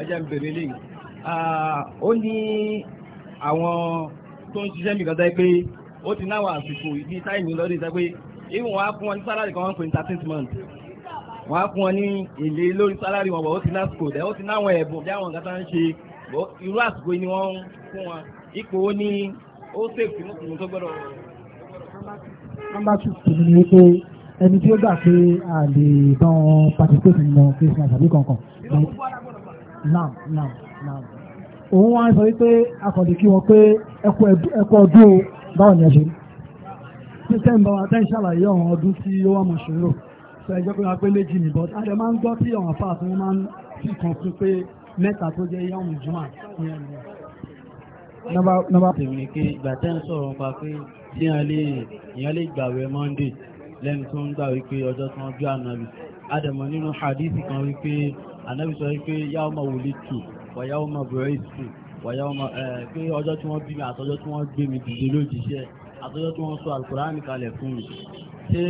ẹjẹ́ ń bèrè lè ó ní àwọn tó ń ṣiṣẹ́ mi kọ́tọ́ pé ó ti náwà àsìkò ìdí táìmì lọ́dún ìta pé ìwọ̀n wá fún wọn ní sálárì kan wọ́n pè ní thirteen months wọ́n á fún wọn ní èlé lórí sálárì wọn bọ̀ ó ti lásìkò dẹ̀ ó ti náwọn ẹ̀bùn bí àwọn nǹkan tá ń ṣe irú àsìkò ni wọ́n ń fún wọn ipò ó ní ó sèkì mùsùlùmí tó gbọ́dọ̀. nọ́mbà two ni wípé ẹni tí ó gbà pé a lè tán participate nínú Christmas àbí kankan. now now now òun wá ń sọ wípé akọ̀dé kí wọn pé ẹkọ ọdún o báwo ni ẹ ṣe rí. christian bàbá tẹ́ ń ṣàlàyé ọ̀hún ọdún tí ó wà mọ̀ṣúrò sọ ẹjọ́ pé wọ́n pé méjì ni but adé máa ń gbọ́ tí ọ̀hún fà tí wọ́n máa ń fi kàn fún pé mẹ́ta tó jẹ́ yọ̀hún jùmọ̀ ní ẹnu. nọ́mbà nọ́mbà. tèmi ni pé ìgbà tẹ́ ń sọ̀rọ̀ nípa pé tí lẹ́nu tó ń gbà wípé ọjọ́ tí wọ́n bí ànábì adẹ̀mọ̀ nínú hadithi kan wípé ànábì sọ wípé yawma wulidtu wa yawma bu'ithtu wa yawma pé ọjọ́ tí wọ́n bí mi àtọjọ́ tí wọ́n gbé mi dìde lójíṣẹ́ àtọjọ́ tí wọ́n sọ alukurani kalẹ̀ fún mi ṣé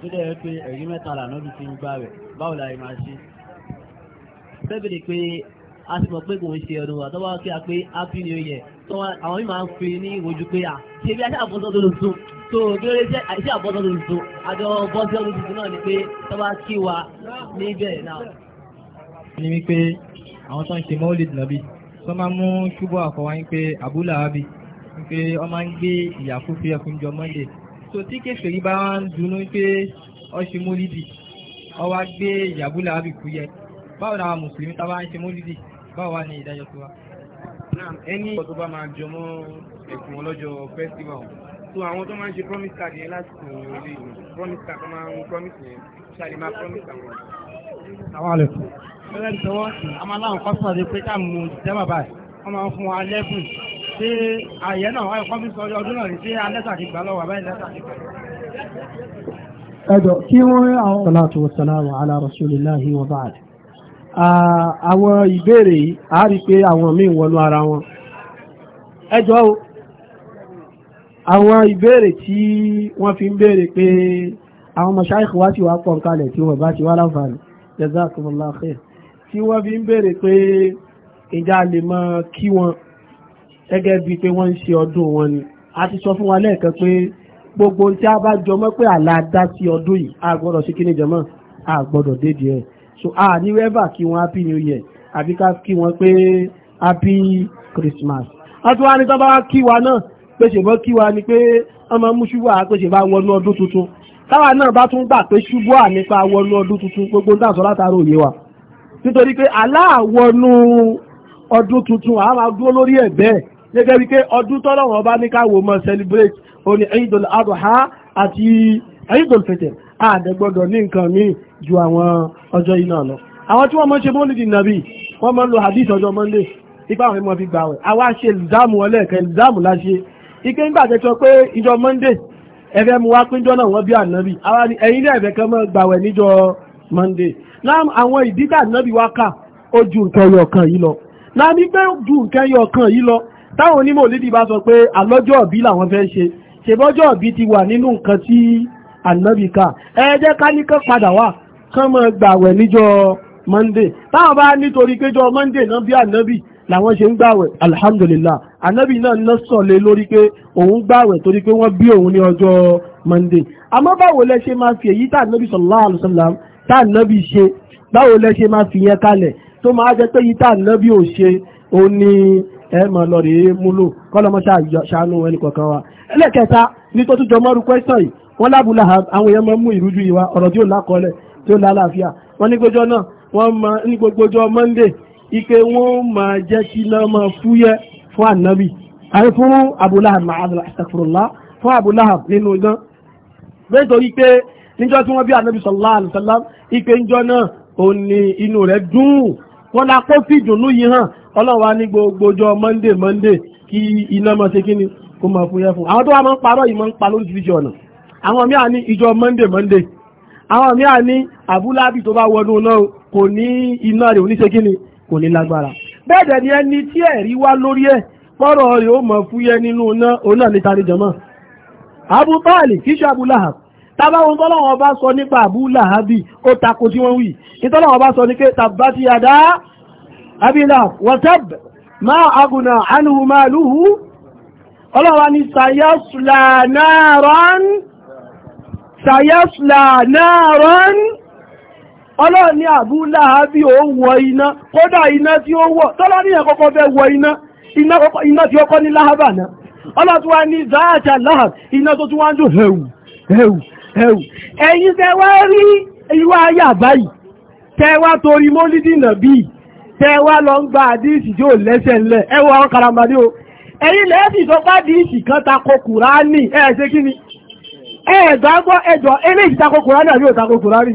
tó dẹ̀ pé ẹ̀rí mẹ́ta lànábì ti ń gbà rẹ̀ báwo la máa ṣe bẹ́bẹ̀rẹ̀ pé a ti mọ̀ pé kò ń ṣe ọdún wa tó kí a pé happy new year tó àwọn yìí máa ń fi ní ìwojú pé à ṣe bí a ṣe àfọ́sọ́ tó lọ sùn so bí ó lè jẹ́ àìsí àbọ̀dọ̀ lórí tó àjọ bọ́sí ọdún tuntun náà ni pé tó bá kí wa níbẹ̀ náà. ni wípé àwọn tó ń ṣe mọ́lìd nàbí tó máa mú ṣubú àkọwá ń pé àbúlà ábí ń pé ọ máa ń gbé ìyàkú fi ẹkùn jọ mọ́ndé so tí kèfèrí bá ń dunú pé ọ ṣe mọ́lìdì ọ wá gbé ìyàbúlà ábí kú yẹ báwo ni àwọn mùsùlùmí tá bá ń ṣe mọ́lìdì báwo wá ní ìdájọ́ tó wá. ẹni ọ̀tọ̀ bá máa jọmọ́ ẹ̀kùn ọlọ́jọ́ festival so àwọn tó máa ń ṣe promise card yẹn láti sùn ilé promise card tó máa ń promise yẹn ṣáà lè máa promise àwọn. àwọn àlẹkùn. ọlọ́run tí wọ́n a máa láwọn kọ́sọ̀ rẹ pé ká mú jẹ́mà báyìí wọ́n máa ń fún wa lẹ́bùn ṣé àyẹ̀ náà wáyé kọ́mí sọ ọdún náà rí ṣé alẹ́sà ti gbà lọ́wọ́ àbáyé lẹ́sà ti gbà. ẹ̀dọ̀ kí wọ́n rí àwọn. salatu wa salamu ala rasulillahi wa ba'd. àwọn ìbéèrè yìí a pé àwọn míì wọnú ara wọn. ẹjọ́ àwọn ìbéèrè tí wọ́n fi ń béèrè pé àwọn mọ̀ṣáìkì wá sí wà pọ̀ ń kalẹ̀ tí wọ́n bá ti wá láǹfààní jazakumullahu khair tí wọ́n fi ń béèrè pé ìjà lè mọ kí wọn gẹ́gẹ́ bíi pé wọ́n ń ṣe ọdún wọn ni a ti sọ fún wa lẹ́ẹ̀kan pé gbogbo tí a bá jọmọ́ pé àlàdá sí ọdún yìí a gbọ́dọ̀ sí kíni jọmọ́ a gbọ́dọ̀ dédì ẹ̀ so a ní rẹ́bà kí wọ́n happy new year àbí ká kí wọ́n pé happy christmas a tún wá ní tọ́ bá wá kí wa náà pèsè bọ́ kí wa ni pé wọ́n máa mú ṣubú àá pèsè bá wọnú ọdún tuntun táwa náà bá tún gbà pé ṣubú à nípa wọnú ọdún tuntun gbogbo ń dàsọ látara òye wa nítorí pé aláàwọnú ọdún tuntun àá máa dúró lórí ẹ̀ gẹ́gẹ́ bí pé ọdún tọ́lọ́wọ́n bá ní káwọ́ mọ́ celebrate òní Eidul Adha àti Eidul Fitr àdẹ́gbọ́dọ̀ ní nǹkan míì ju àwọn ọjọ́ iná lọ àwọn tí wọ́n mọ́ ṣe mọ́lìdì nàbí wọ́n mọ́ ń lo hadith ọjọ́ Monday ipa àwọn ẹmọ fi gbà wẹ̀ àwa ṣe ìlzáàmù ọlẹ́ẹ̀kẹ́ ìlzáàmù láṣe ike ń gbàtẹ́ sọ pé ìjọ monday ẹ̀fẹ́ mu wá pínjọ́ náà wọ́n bí ànábì àwa ni ẹ̀yin ní ẹ̀fẹ́ kan mọ́ gbàwẹ̀ níjọ monday náà àwọn ìdígbà ànábì wá kà ó ju nǹkan ẹyọ kan yìí lọ náà ní pé ju nǹkan ẹyọ kan yìí lọ táwọn onímọ̀ olídìí bá sọ pé àlọ́jọ́ ọ̀bí làwọn fẹ́ ṣe ṣèbọ́jọ́ ọ̀bí ti wà nínú nǹkan tí ànábì kà ẹ jẹ́ ká ní kán padà wá kán mọ́ gbàwẹ̀ níjọ monday táwọn bá nítorí péjọ monday náà bí ànábì làwọn ṣe ń gbàwẹ̀ alhamdulillah ànábì náà ná sọ̀lẹ̀ lórí pé òun gbàwẹ̀ torí pé wọ́n bí òun ní ọjọ́ monday àmọ́ báwo lẹ ṣe máa fi èyí tá ànábì sallallahu alaihi wasallam tá ànábì ṣe báwo lẹ ṣe máa fi yẹn kalẹ̀ tó máa jẹ́ pé èyí tá ànábì ò ṣe òun ní ẹ máa lọ rèé múlò kọ́lọ́mọ́ ṣàánú ẹnì kọ̀ọ̀kan wa ẹlẹ́kẹta ní tó tún jọ mọ́rú question yìí wọ́n lábùlà àwọn èèyàn máa mú ìrújú ìwà ọ̀rọ̀ tí ò lákọọ́lẹ̀ tí ó lálàáfíà wọ́n ní gbọ́jọ́ náà wọ́n máa ní gbogbojọ́ monday ike wọ́n máa jẹ́ kí náà máa fúyẹ́ fún ànábì àti fún abúláhàb ma'adala astaghfirullah fún abúláhàb nínú iná bẹ́ẹ̀ torí pé níjọ́ tí wọ́n bí ànábì sallallahu alaihi wasallam ipe níjọ́ náà ò ní inú rẹ̀ dùn wọ́n la kó fi ìdùnnú yìí hàn ọlọ́run wa ní gbogbojọ́ monday monday kí iná mọ̀ ṣe kíni kó máa fún yẹ fún àwọn tó wà máa ń parọ́ yìí máa ń pa lóríṣiríṣi ọ̀nà àwọn míà ní ìjọ monday monday àwọn míà ní abúlábì tó bá wọnú náà kò ní iná rẹ̀ ò kíni kò ní lágbára bẹ́ẹ̀dẹ̀ ni ẹni tí ẹ̀rí wá lórí ẹ̀ pọ́rọ̀ rẹ̀ ó mọ̀ fúyẹ́ nínú iná oná níta ní jọmọ́ Abu Talib kìí ṣe Abu Lahab tábáwọn tọ́lọ́wọ́ bá sọ nípa Abu Lahabi ó tako tí wọ́n wì ìtọ́lọ́wọ́ ma aguna anhu maluhu ọlọ́wà sayasla naran sayasla naran ọlọ́run àbú àbúlá àbí ó wọ iná kódà iná tí ó wọ̀ tọ́lá ní ẹ̀kọ́kọ́ fẹ́ wọ iná iná tí ó kọ́ ní láhábà náà ọlọ́tún wá ní záàtà láhàb iná tó tún wá ń dùn hẹ̀wù hẹ̀wù hẹ̀wù ẹ̀yin tẹ́ rí irú ayé àbáyìí tẹ́ torí mólídì nàbí tẹ́ lọ ń gba àdíìsì tí ó lẹ́sẹ̀ ńlẹ̀ ẹ àwọn karambadé o ẹ̀yin lẹ́sìn tó bá díìsì kan tako kùránì ẹ̀ ṣe kùránì àbí ò kùránì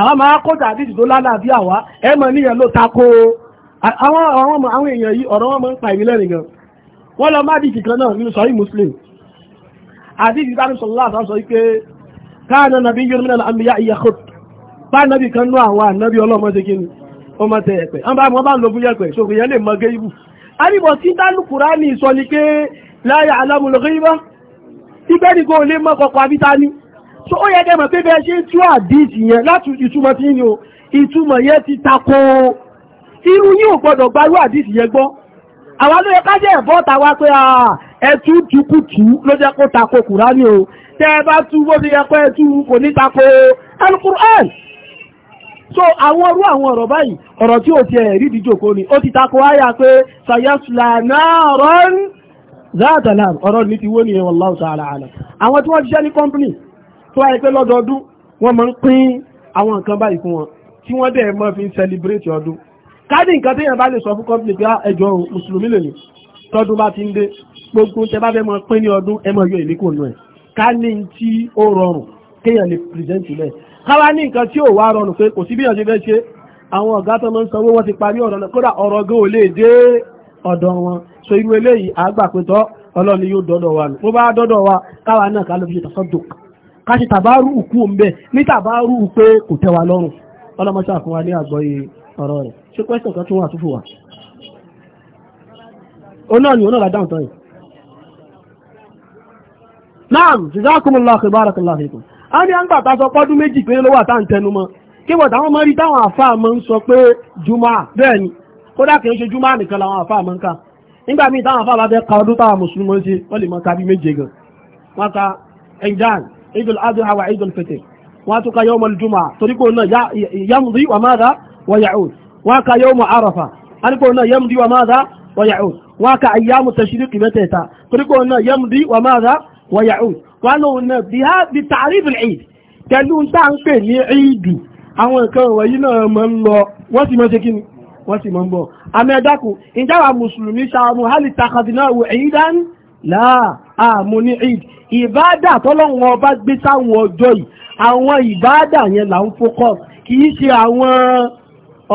àwọn máa kó tàbíjì tó lálàáfíà wá ẹ mọ̀ níyàn ló takò àwọn àwọn èèyàn yìí ọ̀rọ̀ wọn máa ń pa ìmílẹ̀ nìkan wọ́n lọ má dìjì kan náà nínú sọ́yí muslim àdìjì tá kana nabi yun minal anbiya iya khut ba nabi kan nu àwọn ànábì ọlọ́mọ ṣe kíni ó máa tẹ ẹ̀pẹ̀ an ba mo ba lo bu yepe so yan ni so ó yẹ kẹ́mọ̀ pé bẹ́ẹ̀ ṣe ń tú àdìsí yẹn láti ìtumọ̀ tí ní o ìtumọ̀ yẹn ti tako irú yìí ò gbọ́dọ̀ gba irú àdìsí yẹn gbọ́ àwa ló yẹ kájẹ́ ẹ̀bọ́ ta wá pé ẹtú tukùtù ló jẹ́ kó tako kùránì o tẹ́ ẹ bá tú bó ti yẹ kó ẹtú kò ní tako alukur'an so àwọn orú àwọn ọ̀rọ̀ báyìí ọ̀rọ̀ tí ó ti ẹ̀rí ìdíjòkó ni ó ti tako áyà pé sayasla náà rọ́n záàtàlá ọ̀rọ̀ ní ti wó ní ẹwọ̀n láwùsà àlàálà àwọn tí wọ́n ṣiṣẹ́ ní kọ́mpínì tó wáyé pé lọ́dọọdún wọ́n máa ń pín àwọn nǹkan báyìí fún wọn tí wọ́n dẹ̀ máa fi ń celebrate ọdún káàdì nǹkan téèyàn bá lè sọ fún company pé ah, ẹjọ́ mùsùlùmí lè ní tọdún bá ti ń dé gbogbo tẹ bá fẹ́ máa pín ní ọdún ẹ máa yọ ìlékò nù ẹ̀ ká ní tí ó rọrùn kéèyàn lè present ilẹ̀ káwá ní nǹkan tí ò wá rọrùn pé kò sí bí èèyàn ṣe ṣe àwọn ọ̀gá so irú eléyìí àgbà pé tọ́ ọlọ́ni yóò dọ́dọ̀ wa nù bó bá wa káwa náà ká ló káṣe tàbárù òkú òǹbẹ ní tàbárù pé kò tẹ́ wa lọ́rùn ọlọ́mọṣà fún wa ní àgbọ́yé ọ̀rọ̀ rẹ̀ ṣé pẹ́sàn kan tún wà tún fún wa. onáà ni onáà dáhùn tán yìí. naam jazakumullahu barakallahu fikum a ní à ń gbà tá a sọ pọ́dún méjì pé ló wà tá à ń tẹnu mọ́ kí wọ́n táwọn máa rí táwọn àfáà máa ń sọ pé jùmọ̀ bẹ́ẹ̀ ni kódà kì í ṣe jùmọ̀ nìkan làwọn àfáà máa ń kà nígbà míì táwọn àfáà bá fẹ́ ka ọdún táwọn mùsùlùmí ṣe wọ́n lè máa ka bí méje gan wọ́n ka ẹ̀ńdáàlì idul adha wa idul fitr wọ́n tún ka yawm al-jumu'ah torí kò náà yamdi wa madha wa ya'ud wọ́n ka yawm arafa alikò náà yamdi wa madha wa ya'ud wọ́n ka ayyamu tashriq mẹ́tẹ̀ẹ̀ta torí kò náà yamdi wa madha wa ya'ud wọ́n lòun náà bí ha bí ta'rif al-eid pẹ̀lú tá à ń pè ní ìdù àwọn nǹkan wọ̀nyí náà mọ̀ ń lọ wọ́n sì mọ̀ ṣe kí ni wọ́n sì mọ̀ ń bọ̀ àmì ẹ̀dákùn ìjáwà mùsùlùmí ṣàmù hálì takàdínà wò ẹ̀yí dání láà àmú ní eid ìbáàdà tọ́lọ́wọ́n ọba gbé sáwọn ọjọ́ yìí àwọn ìbáàdà yẹn là ń focus kì í ṣe àwọn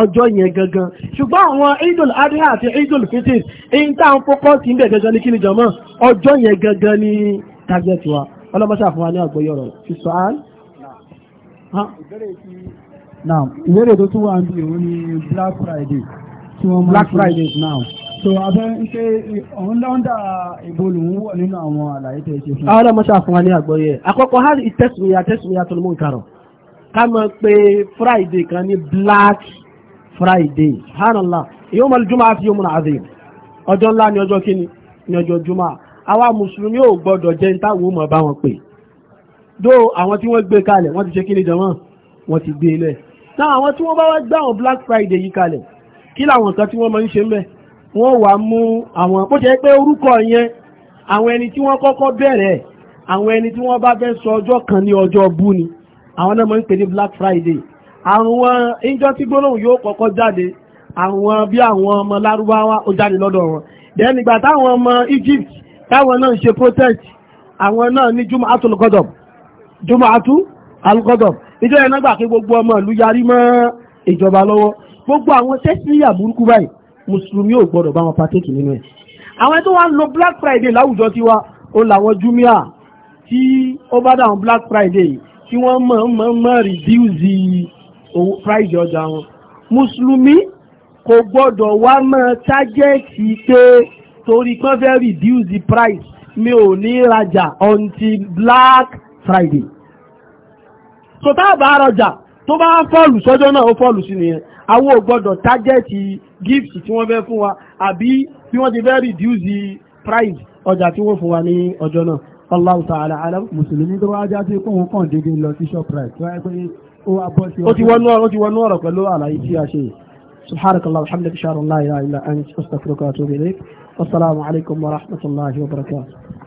ọjọ́ yẹn gangan ṣùgbọ́n àwọn idol adha àti idol fitr èyí tá à ń focus sí ibẹ̀ gangan ní kí ni jọmọ́ ọjọ́ yẹn gangan ní target wa ọlọ́mọṣà fún wa ní àgbọ́yé ọ̀rọ̀ fi sọ án. ìbéèrè tó tún wà ń bí òun ni Black Friday. Black Friday now so abẹ́ ń pé òun lọ́ndà ìbolù ń wọ̀ nínú àwọn àlàyé tẹ̀ ṣe ní àgbọ̀yé àkọ́kọ́ hàn ìtẹ́sùmíyà tẹ́sùmíyà tó ló mú nǹkan ká mọ̀ pé friday kan ní black friday subhanallah yawm al-jumu'ah àti yawmun azim ọjọ́ ńlá ni ọjọ́ kíni ni ọjọ́ jùmọ̀ àwa mùsùlùmí ò gbọ́dọ̀ jẹ́ ní táwọn ọmọ bá wọn pè dó àwọn tí wọ́n gbé kalẹ̀ wọ́n ti ṣe kíni jọmọ́ wọ́n ti gbé ilẹ̀ náà àwọn tí wọ́n bá wá gbá àwọn black friday yìí kalẹ̀ kí làwọn kan tí wọ́n máa ń ṣe ń wọ́n wà mú àwọn bó jẹ́ pé orúkọ yẹn àwọn ẹni tí wọ́n kọ́kọ́ bẹ̀rẹ̀ àwọn ẹni tí wọ́n bá fẹ́ sọ ọjọ́ kan ní ọjọ́ bú ni àwọn náà máa ń pè ní Black Friday àwọn ìjọ tí gbólóhùn yóò kọ́kọ́ jáde àwọn bí àwọn ọmọ lárúbáwá ó jáde lọ́dọ̀ wọn then ìgbà táwọn ọmọ Egypt táwọn náà ń ṣe protest àwọn náà ní jùmọ̀ àtúlùkọ́dọ̀ jùmọ̀ àtú alùkọ́dọ̀ ìjọ yẹn náà gbà pé gbogbo ọmọ ìlú yarí mọ́ ìjọba lọ́wọ́ gbogbo àwọn tẹ́sí àbúrúkú báyìí mùsùlùmí ò gbọdọ̀ bá wọn partake nínú ẹ̀ àwọn ẹni tó wá ń lo black friday láwùjọ tiwa ó làwọn jumia tí ó bá dáhùn black friday tí wọ́n mọ̀ mọ̀ mọ̀ reduce owó price ọjà wọn mùsùlùmí kò gbọdọ̀ wá mọ́ tájẹ́ẹ̀tì pé torí pé fẹ́ reduce the price mi ò ní rajà until black friday so tá a bá rajà tó bá fọ́ọ̀lù sọ́jọ́ náà ó fọ́ọ̀lù sí nìyẹn àwọn ò gbọ́dọ̀ tájẹ́ẹ̀tì gift tí wọ́n fẹ́ fún wa àbí bí wọ́n ti fẹ́ reduce price ọjà tí wọ́n fún wa ní ọjọ́ náà Allahu ta'ala alam. mùsùlùmí tó wáá já sí pé òun kàn déédéé lọ sí shoprite tó wáá pé ó wá bọ́ sí. ó ti wọnú ọ̀rọ̀ ó ti wọnú ọ̀rọ̀ pẹ̀lú àlàyé tí a ṣe subhanakallah alhamdulilayi ṣaalallahu ilaha illa anta astaghfiruka wa atubu ilayk wasalaamu alaykum wa rahmatulahi wa barakatuh.